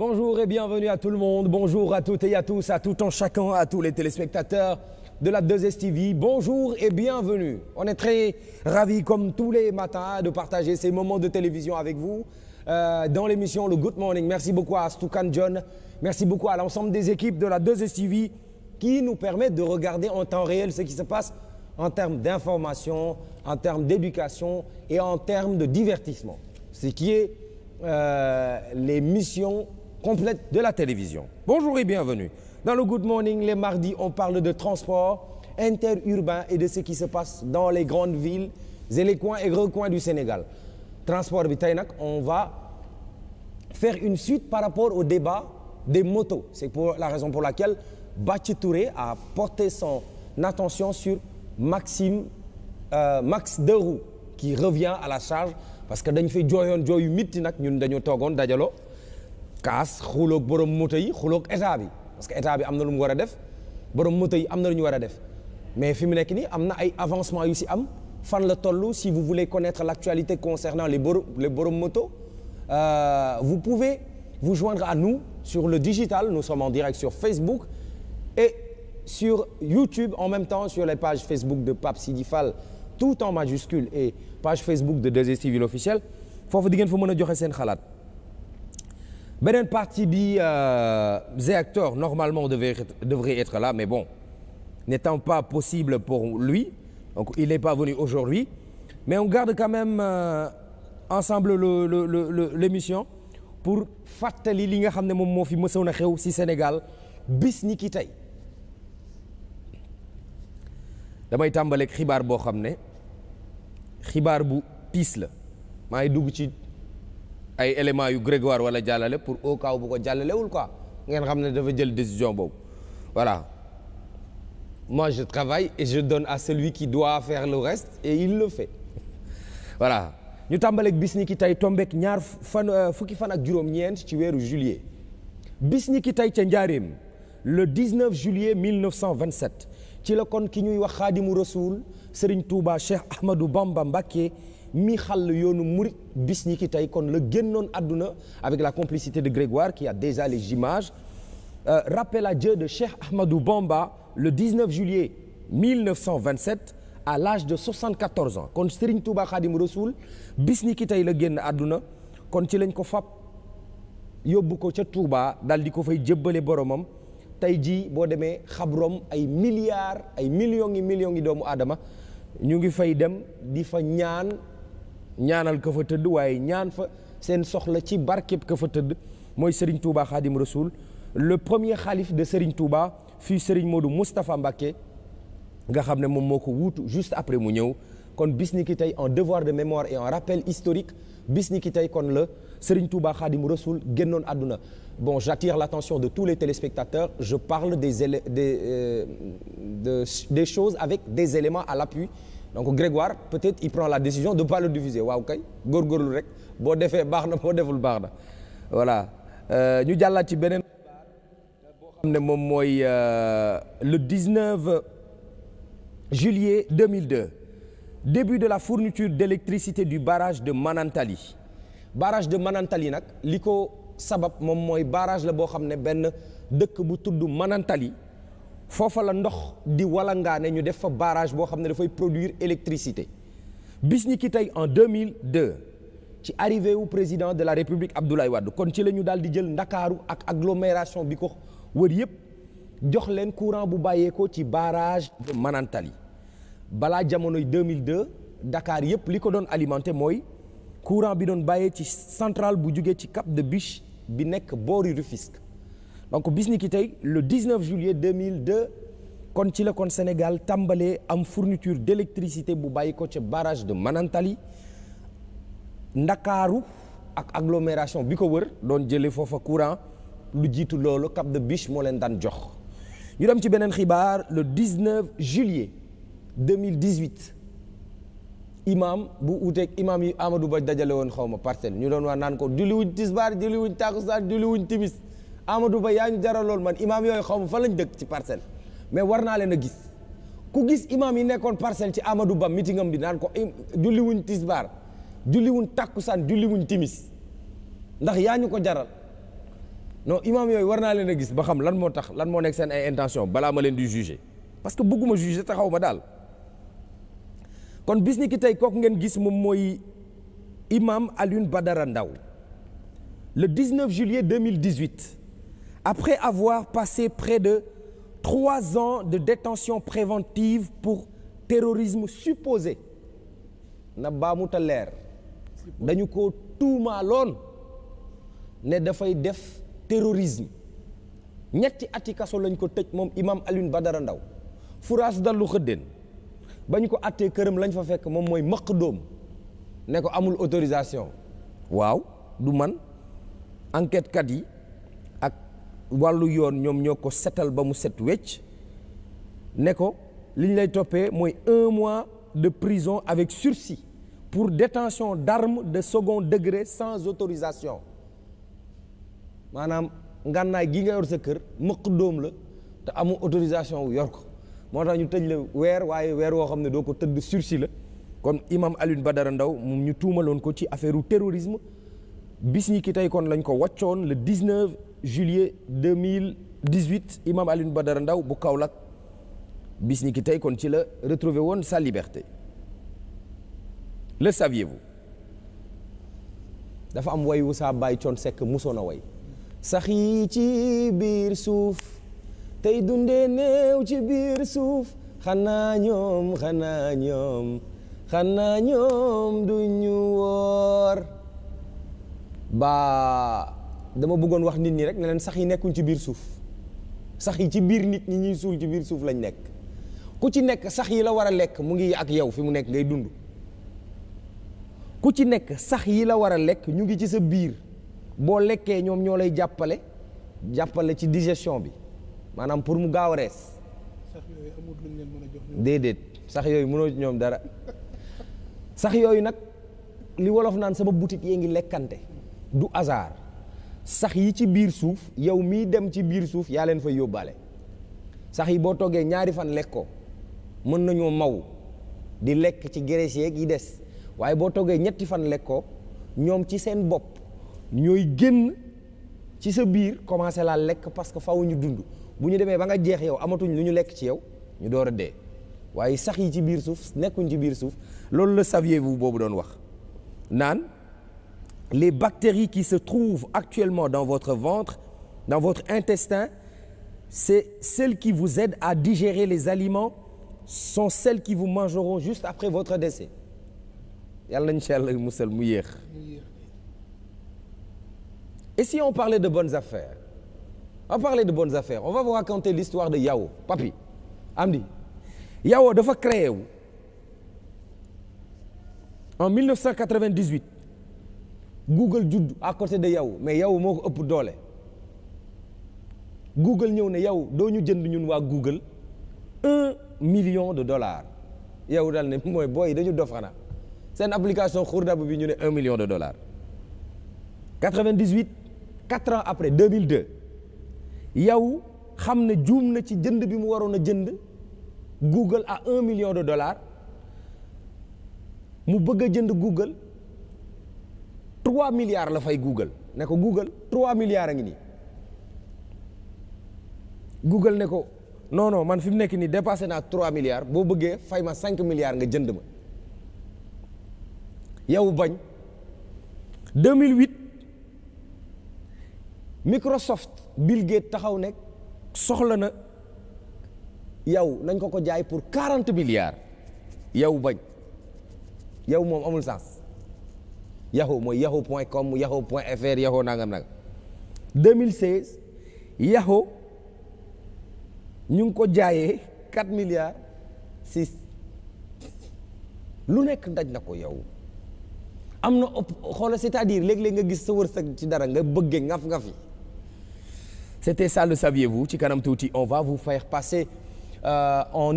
Bonjour et bienvenue à tout le monde. Bonjour à toutes et à tous, à tout chacun, à tous les téléspectateurs de la 2STV. Bonjour et bienvenue. On est très ravis, comme tous les matins, de partager ces moments de télévision avec vous euh, dans l'émission Le Good Morning. Merci beaucoup à Stukan John. Merci beaucoup à l'ensemble des équipes de la 2STV qui nous permettent de regarder en temps réel ce qui se passe en termes d'information, en termes d'éducation et en termes de divertissement. Ce qui est euh, les missions complète de la télévision. Bonjour et bienvenue. Dans le Good Morning, les mardis, on parle de transport interurbain et de ce qui se passe dans les grandes villes et les coins et recoins du Sénégal. Transport bi tey nag on va faire une suite par rapport au débat des motos. C'est la raison pour laquelle Bathie Touré a porté son attention sur Maxime euh, Max Deroux qui revient à la charge parce que dañ fay jooyoon jooyu mitti nag ñun dañoo toogoon dajaloo kaas xuloog borom moto yi xuloog état bi parce que état bi am na lu mu war a def borom moto yi am na lu ñu war a def mais fi mu nekk nii am na ay avancement yu si am fan la toll si vous voulez connaître l'actualité concernant les borom les borom moto euh, vous pouvez vous joindre à nous sur le digital nous sommes en direct sur Facebook et sur YouTube en même temps sur les pages Facebook de Pape Sidi Fall tout en majuscule et page Facebook de 2STV l'officiel foofu di ngeen fa mën a joxe seen xalaat beneen partie bi euh, The Actor normalement devait devrait être là mais bon n'étant pas possible pour lui donc il n'est pas venu aujourd'hui mais on garde quand même euh, ensemble le le l'émission pour fàttali li nga xam ne moom moo fi mësoon a xew ci Sénégal bis ñi ki tey damay tàmbaleeg xibaar boo xam ne xibaar bu piis la maa dugg ci ay éléments yu Grégoire wala jàllale pour au cas bu ko jàllalewul quoi ngeen xam ne dafa jël décision boobu voilà moi je travaille et je donne à celui qui doit faire le reste et il le fait voilà ñu tàmbaleeg bis ni tey tombeek ñaar euh, fukki fan ak juróom-ñeent ci weeru juillet bis ni ki tey ca njaareem le 19 juillet 1927 ci la kon ki ñuy wax xaadimu rasuul Serigne Touba Cheikh Ahmadou Bamba Mbacké mi xàll yoonu murit bis ñi ki tey kon la génnoon àdduna avec la complicité de Grégoire qui a déjà les images euh, rappel à Dieu de Cheikh Ahmadou Bamba le 19 juillet 1927 à l'âge de 74 ans kon Serigne Touba Khadim Rasoul bis ñi ki tey la génn àdduna kon ci lañ ko fab yóbbu ko ca Touba daal di ko fay jébbale boromam tey jii boo demee xabrom ay milliards ay millions ngi millions ngi doomu aadama ñu ngi fay dem di fa ñaan ñaanal ka fa tëdd waaye ñaan fa seen soxla ci barkeb ka fa tëdd mooy Serigne Touba Khadim Rasoul le premier xalif de Serigne Touba fii Serigne Modou Moustapha Mbacké nga xam ne moom moo ko wuutu juste après mu ñëw kon bis ni ki tey en devoir de mémoire et en rappel historique bis ni ki tey kon la Serigne Touba Khadim Rasoul génnoon àdduna bon j'attire l'attention de tous les téléspectateurs je parle des des euh, de, des choses avec des éléments à l'appui donc Grégoire peut-être il prend la décision de pas le diffuser waaw kay góorgóorlu rek boo defee baax na boo deful baax na voilà euh, ñu jàllaat ci beneen boo xam ne moom mooy euh, le 19 juillet 2002 début de la fourniture d'électricité du barrage de Manantali barrage de Manantali nag li ko sabab moom mooy barrage la boo xam ne benn dëkk bu tudd Manantali foofa la ndox di walangaane ñu def fa barrage boo xam ne dafay produire électricité bis ñi ki tey en 2002 ci arrivé wu président de la république Abdoulaye Wade kon ci la ñu daal di jël ndakaaru ak agglomération bi ko wër yépp jox leen courant bu bàyyee bàyyeekoo ci barrage de Manantali balaa jamonoy 2002 Dakar yépp li ko doon alimenté mooy courant bi doon bàyyee ci centrale bu jugee ci Cap de Biche bi nekk boori Rufisque donc bis ni ki tey le 19 juillet 2002 kon ci la kon Sénégal tàmbalee am fourniture d'électricité bu bàyyi ko ca barage de Manantali Ndakaaru ak agglomération bi ko wër doon jëlee foofa courant lu jiitu loolu Cap de Biche moo leen daan jox ñu dem ci beneen xibaar le 19 juillet 2018 imam bu uteeg imam yi Amadou Ba dajale woon xaw ma parcelle ñu doon wax naan ko julli wuñ tisbaar julli wuñ takusaan julli wuñ timis amadu Ba yaa ñu jaraloon man imaam yooyu xaw ma fa lañ dëkk ci parcelle mais war naa leen a gis ku gis imaam yi nekkoon parcelle ci amadu Ba meeting am bi naan ko julliwuñ tisbaar julliwuñ takkusaan julliwuñ timis ndax yaa ñu ko jaral non imaam yooyu war naa leen a gis ba xam lan moo tax lan moo nekk seen ay intention balaa ma leen di juger parce que bëgguma juger te xaw ma daal kon bis ni tey kooku ngeen gis moom mooy imam Alioune Badara ndaw le 19 juillet 2018 après avoir passé près de trois ans de détention préventive pour terrorisme supposé na baamuta leer dañu ko tuumaaloon ne dafay def terrorisme ñetti ati kaso lañ ko tëj moom imam ba dara Ndaw furaas dallu xëddeen ba bañ ko attee këram lañ fa fekk moom mooy mëq doom ne ko amul autorisation waaw du man enquête kat yi wàllu yoon ñoom ñoo ko setal ba mu set wecc ne ko li ñu lay toppee mooy un mois de prison avec sursis pour détention d'armes de second degré sans autorisation maanaam ngànnaay gii nga yor sa kër mëq doom la te amul autorisation wu yor ko moo tax ñu tëj la weer waaye weer woo xam ne doo ko tëdd sursis la kon imam ba dara ndaw moom ñu tuumaloon ko ci affaire u terrorisme bis ñi ki tey kon lañ ko wàccoon le 19 juillet 2018 imam Alioune Badara Ndaw bu Kaolack bis ni tey kon ci la retrouvé woon sa liberté le saviez-vous dafa am way wu saa bàyyi coon sekk musoon a way sax ci biir suuf tey dundee néew ci biir suuf xanaa ñoom xanaa ñoom xanaa ñoom duñu woor ba dama bëggoon wax nit ñi rek ne leen sax yi nekkuñ ci biir suuf sax yi ci biir nit ñi ñuy suul ci biir suuf lañ nekk ku ci nekk sax yi la war a lekk mu ngi ak yow fi mu nekk ngay dund ku ci nekk sax yi la war a lekk ñu ngi ci sa biir boo lekkee ñoom ñoo lay jàppale jàppale ci digestion bi maanaam pour mu gaaw a rees déedéet sax yooyu mënoo ci ñoom dara sax yooyu nag li wolof naan sama boutique yee ngi lekkante du hasard sax yi ci biir suuf yow mii dem ci biir suuf yaa leen fay yóbbaale sax yi boo toggee ñaari fan lekkoo mën nañoo maw di lekk ci graisse yeeg yi des waaye boo toggee ñetti fan lekkoo ñoom ci seen bopp ñooy génn ci sa biir commencé laa lekk parce que faw ñu dund bu ñu demee ba nga jeex yow amatuñ lu ñu lekk ci yow ñu door a dee waaye sax yi ci biir suuf nekkuñ ci biir suuf loolu la saviez-vous boobu doon wax naan les bactéries qui se trouvent actuellement dans votre ventre, dans votre intestin, c'est celles qui vous aident à digérer les aliments, sont celles qui vous mangeront juste après votre yàlla nañ ci yàlla musal mu yéex. Et si on de bonnes affaires? On parlait de bonnes affaires. On va vous de Yao, papi. Amdi. dafa créé wu en 1998 Google judd à côté de yow mais yow moo ko ëpp doole Google ñëw ne yow doo ñu jënd ñun waa Google un million de dollars yow dal ne mooy boy dañu dof xanaa seen application xurdab bi ñu ne un million de dollars 98 4 ans après 2002 yow xam ne juum na ci jënd bi mu waroon a jënd Google à un million de dollars mu bëgg a jënd Google trois milliards la fay Google ne ko Google trois milliards a ngi nii Google ne ko noonoo man fi mu nekk nii dépassé naa trois milliards boo bëggee fay ma cinq milliards nga jënd ma yow bañ 2008 Microsoft Bill Gates taxaw nekk soxla na yow nañ ko ko jaay pour quarante milliards yow bañ yow moom amul sens yahoo mooy yahoo point com yahoo point fr yahoo nangam nangam 2016 yahoo ñu ngi ko jaayee 4 milliards 6 lu nekk ndaj na ko yow am na ëpp xool c'est-à-dire léeg-léeg nga gis sa wërsëg ci dara nga bëggee ngaf nga fi c'était ça le saviez-vous ci kanam tuuti on va vous faire passer euh, en